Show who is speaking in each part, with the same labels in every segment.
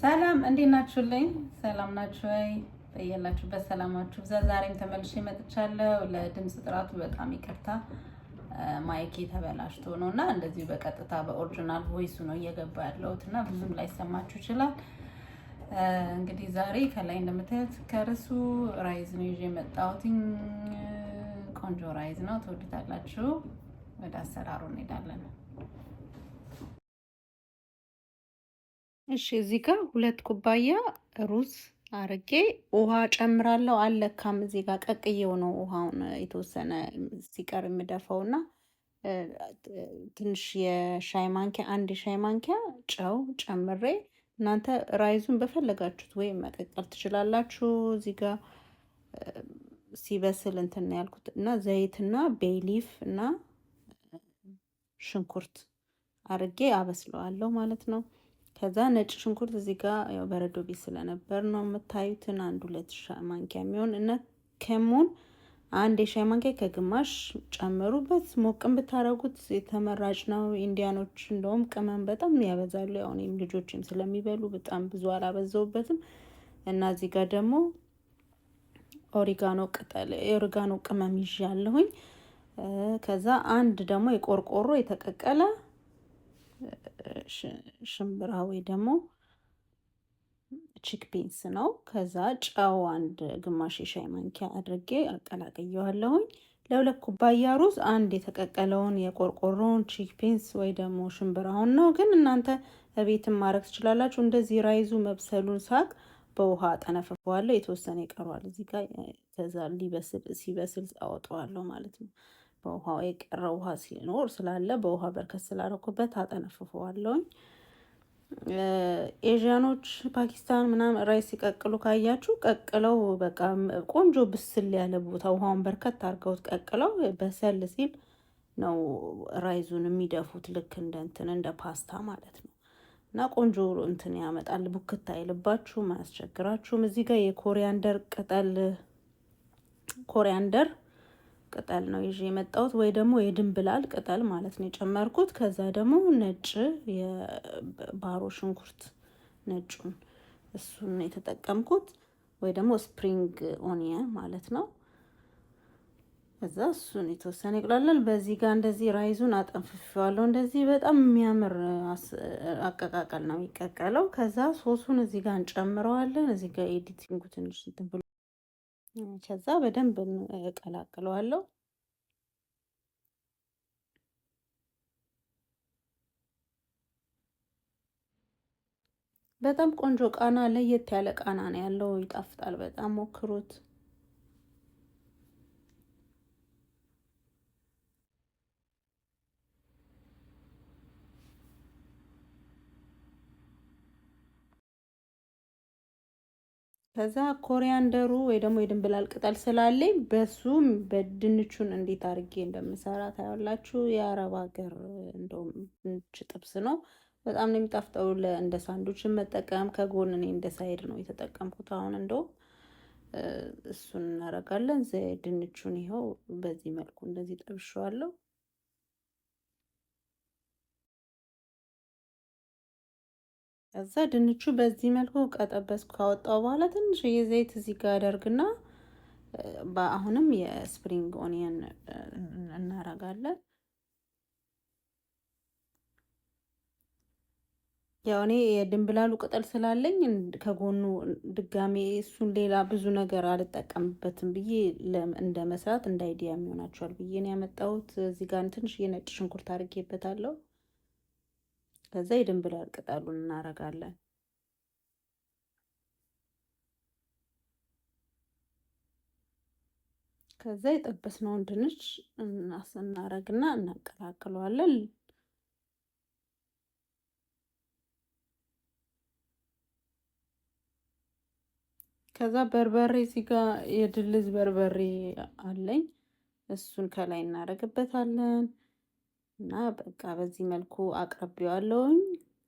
Speaker 1: ሰላም እንዴት ናችሁልኝ? ሰላም ናችሁ ወይ? በያላችሁበት ሰላማችሁ ብዛ። ዛሬም ተመልሼ መጥቻለሁ። ለድምፅ ጥራቱ በጣም ይቅርታ፣ ማይኬ ተበላሽቶ ነው እና እንደዚሁ በቀጥታ በኦሪጂናል ቮይሱ ነው እየገባ ያለሁት እና ብዙም ላይሰማችሁ ይችላል። እንግዲህ ዛሬ ከላይ እንደምታዩት ከርሱ ራይዝ ነው ይዤ የመጣሁት። ቆንጆ ራይዝ ነው፣ ትወዱታላችሁ። ወደ አሰራሩ እንሄዳለን።
Speaker 2: እሺ እዚህ ጋር ሁለት ኩባያ ሩዝ አርጌ ውሃ ጨምራለሁ። አለካም እዚህ ጋር ቀቅዬው ነው ውሃውን የተወሰነ ሲቀር የምደፋውና ትንሽ የሻይ ማንኪያ አንድ የሻይ ማንኪያ ጨው ጨምሬ እናንተ ራይዙን በፈለጋችሁት ወይም መቀቀል ትችላላችሁ። እዚህ ጋር ሲበስል እንትን ያልኩት እና ዘይትና ቤሊፍ እና ሽንኩርት አርጌ አበስለዋለሁ ማለት ነው። ከዛ ነጭ ሽንኩርት እዚህ ጋር ያው በረዶ ቤት ስለነበር ነው የምታዩትን አንድ ሁለት ሻይ ማንኪያ የሚሆን እና ከሙን አንድ የሻይ ማንኪያ ከግማሽ ጨምሩበት። ሞቅም ብታረጉት የተመራጭ ነው። ኢንዲያኖች እንደውም ቅመም በጣም ያበዛሉ። ያው እኔም ልጆችም ስለሚበሉ በጣም ብዙ አላበዛውበትም እና እዚህ ጋር ደግሞ ኦሪጋኖ ቅጠል የኦሪጋኖ ቅመም ይዣለሁኝ። ከዛ አንድ ደግሞ የቆርቆሮ የተቀቀለ ሽምብራ ወይ ደግሞ ቺክፒንስ ነው። ከዛ ጨው አንድ ግማሽ የሻይ ማንኪያ አድርጌ አቀላቅየዋለሁኝ። ለሁለት ኩባያ ሩዝ አንድ የተቀቀለውን የቆርቆሮውን ቺክፒንስ ወይ ደግሞ ሽምብራውን ነው። ግን እናንተ ቤትን ማድረግ ትችላላችሁ። እንደዚህ ራይዙ መብሰሉን ሳቅ በውሃ ጠነፍፈዋለሁ። የተወሰነ ይቀረዋል እዚህ ጋር። ከዛ ሊበስል ሲበስል አወጣዋለሁ ማለት ነው። በውሃ የቀረ ውሃ ሲኖር ስላለ በውሃ በርከት ስላደረኩበት አጠነፍፈዋለውኝ። ኤዥያኖች ፓኪስታን ምናምን ራይስ ሲቀቅሉ ካያችሁ ቀቅለው በቃ ቆንጆ ብስል ያለ ቦታ ውሃውን በርከት አድርገውት ቀቅለው በሰል ሲል ነው ራይዙን የሚደፉት። ልክ እንደ እንትን እንደ ፓስታ ማለት ነው። እና ቆንጆ እንትን ያመጣል። ቡክት አይልባችሁም፣ አያስቸግራችሁም። እዚህ ጋር የኮሪያንደር ቅጠል ኮሪያንደር ቅጠል ነው ይዤ የመጣሁት ወይ ደግሞ የድንብላል ቅጠል ማለት ነው የጨመርኩት። ከዛ ደግሞ ነጭ የባሮ ሽንኩርት ነጩን እሱን የተጠቀምኩት ወይ ደግሞ ስፕሪንግ ኦኒየን ማለት ነው። እዛ እሱን የተወሰነ ይቅላላል። በዚህ ጋር እንደዚህ ራይዙን አጠንፍፌዋለሁ። እንደዚህ በጣም የሚያምር አቀቃቀል ነው የሚቀቀለው። ከዛ ሶሱን እዚህ ጋር እንጨምረዋለን። እዚህ ጋር ኤዲቲንጉ ትንሽ እንትን ብሎ ከዛ በደንብ እቀላቅለዋለሁ። በጣም ቆንጆ ቃና፣ ለየት ያለ ቃና ነው ያለው። ይጣፍጣል። በጣም ሞክሩት። ከዛ ኮሪያንደሩ ወይ ደግሞ የድንብላል ቅጠል ስላለኝ በሱም በድንቹን እንዴት አድርጌ እንደምሰራ ታያላችሁ። የአረብ ሀገር እንደውም ድንች ጥብስ ነው፣ በጣም ነው የሚጣፍጠው። እንደ ሳንዱችን መጠቀም ከጎን እኔ እንደ ሳይድ ነው የተጠቀምኩት። አሁን እንደውም እሱን እናደርጋለን። ድንቹን ይኸው በዚህ መልኩ እንደዚህ ጠብሸዋለሁ። ከዛ ድንቹ በዚህ መልኩ ቀጠበስኩ ካወጣው በኋላ ትንሽዬ የዘይት እዚህ ጋር አደርግና አሁንም የስፕሪንግ ኦኒየን እናረጋለን። ያው እኔ የድንብላሉ ቅጠል ስላለኝ ከጎኑ ድጋሜ እሱን ሌላ ብዙ ነገር አልጠቀምበትም ብዬ እንደ መስራት እንደ አይዲያ የሚሆናቸዋል ብዬ ነው ያመጣሁት። እዚህ ጋር ትንሽ ነጭ ሽንኩርት አድርጌበታለሁ። ከዛ የድንብላል ቅጠሉን እናረጋለን። ከዛ የጠበስነውን ድንች እናረግና እናቀላቅለዋለን። ከዛ በርበሬ እዚህ ጋ የድልዝ በርበሬ አለኝ። እሱን ከላይ እናረግበታለን። እና በቃ በዚህ መልኩ አቅርቤዋለሁኝ።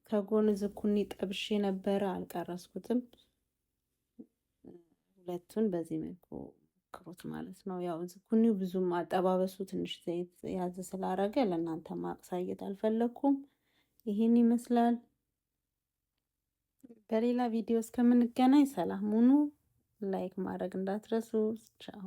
Speaker 2: ከጎን ዝኩኒ ጠብሼ ነበረ አልቀረስኩትም። ሁለቱን በዚህ መልኩ ሞክሩት ማለት ነው። ያው ዝኩኒው ብዙም አጠባበሱ ትንሽ ዘይት ያዘ ስላረገ ለእናንተ ማቅሳየት አልፈለኩም። ይህን ይመስላል። በሌላ ቪዲዮ እስከምንገናኝ ሰላም ሁኑ። ላይክ ማድረግ እንዳትረሱ። ቻው